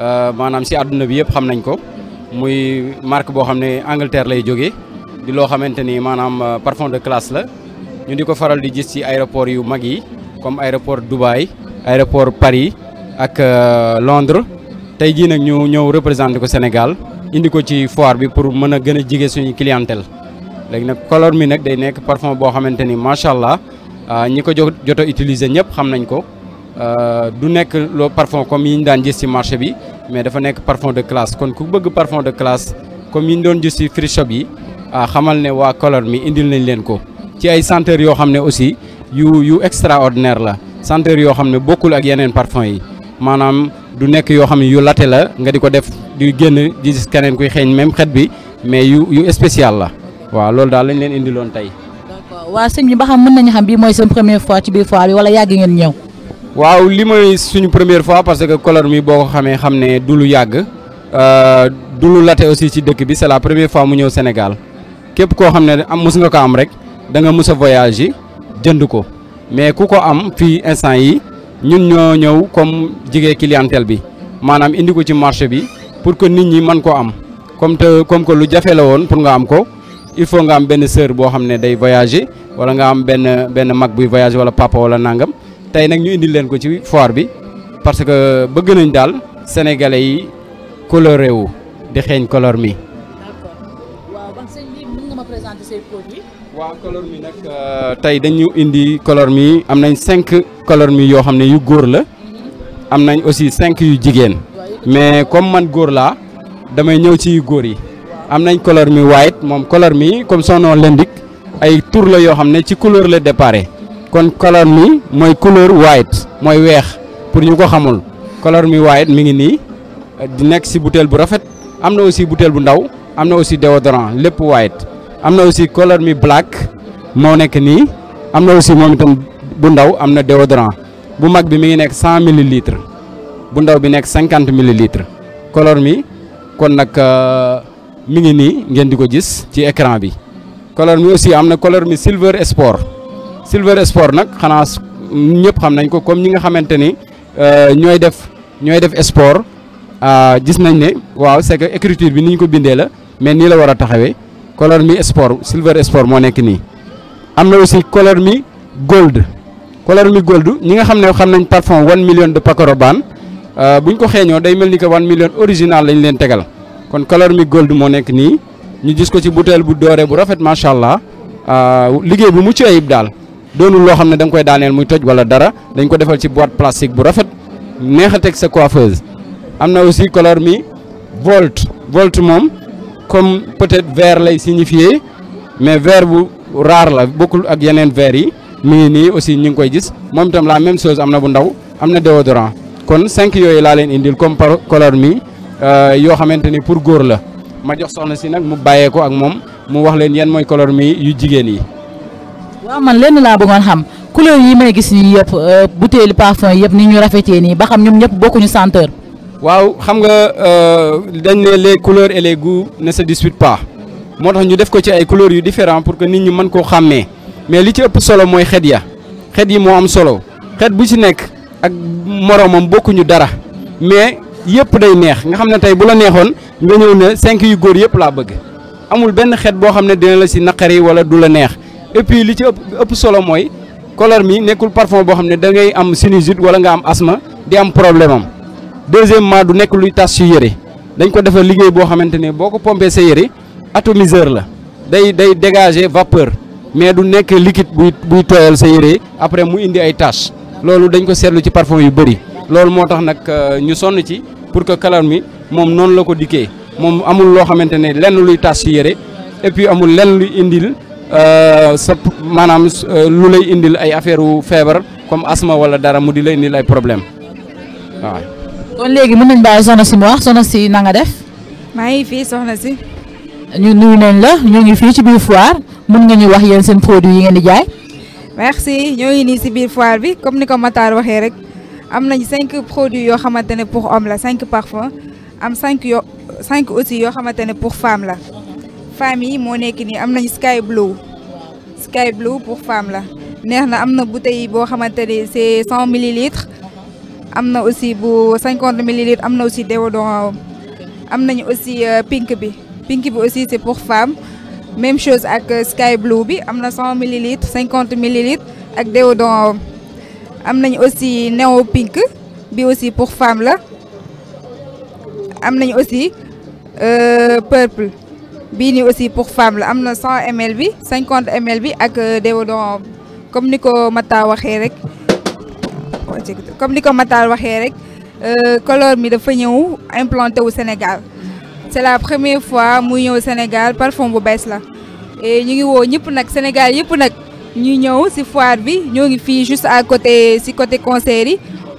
Euh, maanaam si àdduna bi yëpp xam nañ ko muy marque boo xam ne Angleterre lay jóge di loo xamante ni maanaam euh, parfum de classe la ñu di ko faral di gis ci aéroport yu mag yi comme aéroport Dubaï aéroport Paris ak euh, Londres tey jii nag ñu ñëw représenté ko Sénégal indi ko ci foire bi pour mën a gën a jige suñu clientèle léegi nag couleur mi nag day nekk parfum boo xamante ni macha allah ñi ko joto utiliser ñëpp xam nañ ko du nekk loo parfum comme yi ñu daan gis ci marché bi mais dafa nekk parfum de classe kon ku bëgg parfum de classe comme yi doon gis ci shop yi ah, xamal ne waa Color Me indil nañ leen ko ci ay senteurs yoo xam ne aussi yu yu extraordinaire la senteurs yoo xam ne bokkul ak yeneen parfum yi maanaam du nekk yoo xam ne yu latte la nga di ko def di génn di gis keneen kuy xeeñ même xet bi mais yu yu spécial la waaw loolu daal lañ leen indiloon tey. waa sëñ bi ba xam mën nañu xam bii mooy seen première fois ci biir waaw li may suñu première fois parce que color mi boo ko xamee xam ne du lu yàgg euh, du lu late aussi ci dëkk bi c'est la première fois mu ñëw Sénégal képp koo xam ne am mës nga ko am rek da nga mës voyage yi jënd ko mais ku ko am fii instant yi ñun ñoo ñëw comme jigee clientèle bi maanaam indi ko ci marché bi pour que nit ñi mën ko am comme te comme que lu jafe la woon pour nga am ko il faut nga am benn sœur boo xam ne day voyager wala nga am benn benn mag buy voyager wala papa wala nangam tay nak ñu indil len ko ci foire bi parce que bëgg nañ dal sénégalais yi coloré wu di xeeñ color mi. waaw color mi nag euh, tey dañu indi color mi am nañ 5 color mi yo xamné yu góor la mhm. am nañ aussi cinq yu jigéen mais comme man góor la damay ñëw ci yu yi am nañ color mi white mom color mi comme son nom l'indique ay tour la yo xamné ci couleur le départ. kon color mi moy couleur white moy wex pour ñu ko xamul color mi white mi ngi ni di nek si bouteille bu rafet am aussi bouteille bu ndaw am aussi déodorant lepp white Amna aussi color mi black mo nek ni Amna aussi moom itam bu ndaw am na déodorant bu mag bi mi ngi nek 100 ml. bu ndaw bi nek 50 ml. color mi kon nak euh, mi ngi ni ngeen diko gis ci écran bi color mi aussi amna color mi silver sport Silver Sport nag xanaa ñëpp xam nañ ko comme ñi nga xamante ni euh, ñooy def ñooy def sport euh, gis nañ ne waaw c'est que écriture bi ni ñu ko bindee la mais nii la war a taxawee couleur mi sport Silver Sport moo nekk nii. am na aussi couleur mi gold couleur mi gold ñi nga xam ne xam nañ parfum one million de Pacorobane euh, buñ ko xeeñoo day mel ni que one million original lañu leen tegal kon couleur mi gold moo nekk nii ñu gis ko ci bouteille bu dooree bu rafet macha allah liggéey bu mucc ayib daal. doonul loo xam ne da koy daaneel muy toj wala dara dañ ko defal ci boîte plastique bu rafet neex a teg sa coiffeuse am na aussi couleur mi volt volt moom comme peut-être vert lay signifier mais vert bu rare la bokkul ak yeneen vert yi mu ngi nii aussi ñu ngi koy gis moom itam la même chose am na bu ndaw am na déodorant kon cinq yooyu laa leen indil comme par couleur mi euh, yoo xamante ni pour góor la ma jox soxna si nag mu bàyyee ko ak moom mu wax leen yan mooy couleur mi yu jigéen yi waaw man lenn laa bëggoon xam couleur yi may gis nii yëpp euh, bouteille parfum yëpp ni ñu rafetee nii ba xam ñoom ñëpp bokkuñu senteur. waaw xam nga euh, dañ ne les couleurs et les goûts ne se disputent pas moo tax ñu def ko ci ay couleurs yu différent pour que nit ñi mën koo xàmmee mais li ci ëpp solo mooy xet ya xet yi moo am solo xet bu ci nekk ak moroomam bokkuñu dara mais yëpp day neex nga xam ne tey bu la neexoon nga ñëw ne cinq yu góor yëpp laa bëgg amul benn xet boo xam ne dina si naqari wala du la neex. et puis li ci ëpp solo moy color mi nekul parfum bo xamné da ngay am sinusite wala nga am asthme di am problème am deuxièmement du nekk luy tass ci yéré dañ ko défa liggéey bo xamante boko pomper ko pompé sa yére atomiseur la day day dégager vapeur mais du nek liquide buy buy toyal sa yéré après mu indi ay taches loolu dañ ko sétlu ci parfum yu bari loolu nak nak euh, ñu son ci pour que color mi mom non la ko diké mom amul lo xamante ne lenn luy tass ci yéré et puis amul lenn luy indil. Euh, sa maanaam euh, lu lay indil ay affaire wu feebar comme asma wala dara mu di lay indil ay problème waaw. kon léegi mën nañ bàyyi soxna si mu wax soxna si na nga def. maa ngi fii soxna si. ñu nuyu nañ la ñoo ngi fii ci biir foire mën nga ñu wax yéen seen produit yi ngeen di jaay. merci ñoo ngi nii si biir foire bi comme ni ko Matar waxee rek am nañ cinq produit yoo xamante ne pour homme la cinq parfum am cinq yo cinq aussi yoo xamante ne pour femme la. Famille, yi moo sky blue sky blue pour femme la avons na bouteille boo xamante c'est 100 millilitres aussi bu 50 millilitres am aussi déodorant am aussi euh, pink bi pink bi aussi c'est pour femme même chose avec euh, sky blue bi Amna 100 ml, millilitres ml millilitres des déodorant am aussi néo pink bi aussi pour femme la am aussi aussi euh, purple nous aussi pour femmes la avons 100 ml 50 ml bi des euh, déodorant comme niko mata waxé rek comme ni mata color mi implanté au Sénégal c'est la première fois muy au Sénégal parfum bu Bess. la et ñi ngi wo ñëpp Sénégal nous nak ñi ñëw ci foire bi ñoo ngi juste à côté ci côté concert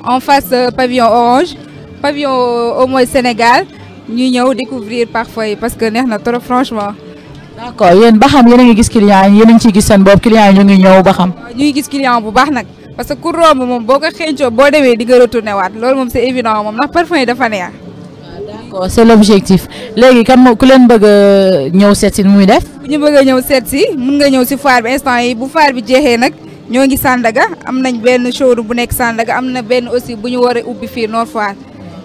en face euh, pavillon orange pavillon au moins Sénégal ñuy ñëw découvrir parfois yi parce que neex na trop franchement. d' accord ba xam yéen a gis client yi yéen a ngi ciy gis seen bopp client yi ñu ngi ñëw ba xam. ñu gis client bu baax nag parce que ku romb moom boo ko xëncoo boo demee di nga retourné waat loolu moom c' évident moom ndax parfum yi dafa neex. Ah, d' accord c' objectif léegi kan moo ku leen bëgg a ñëw seet si muy def. bu ñu bëgg ñëw seet si mun nga ñëw si foire bi instant yi bu foire bi jeexee nag ñoo ngi Sandaga am nañ benn showroom bu nekk Sandaga am na benn aussi bu ñu war ubbi fii Nord Foire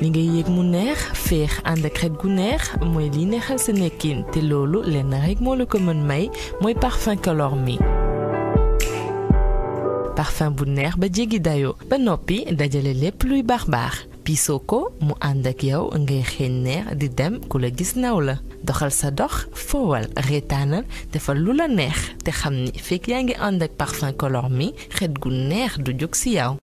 li ngay yéeg mu neex féex ànd ak xet gu neex mooy li neexal sa nekkin te loolu lenn rek moo la ko mën may mooy parfum Color Me parfum bu neex ba jéggi dayoo ba noppi dajale lépp luy baax baax piisoo ko mu ànd ak yow ngay xeeñ neex di dem ku la gis naw la doxal sa dox foowal reetaanal defal lu la neex te xam ni fekk yaa ngi ànd ak parfum Color Me xet gu neex du jóg ci yow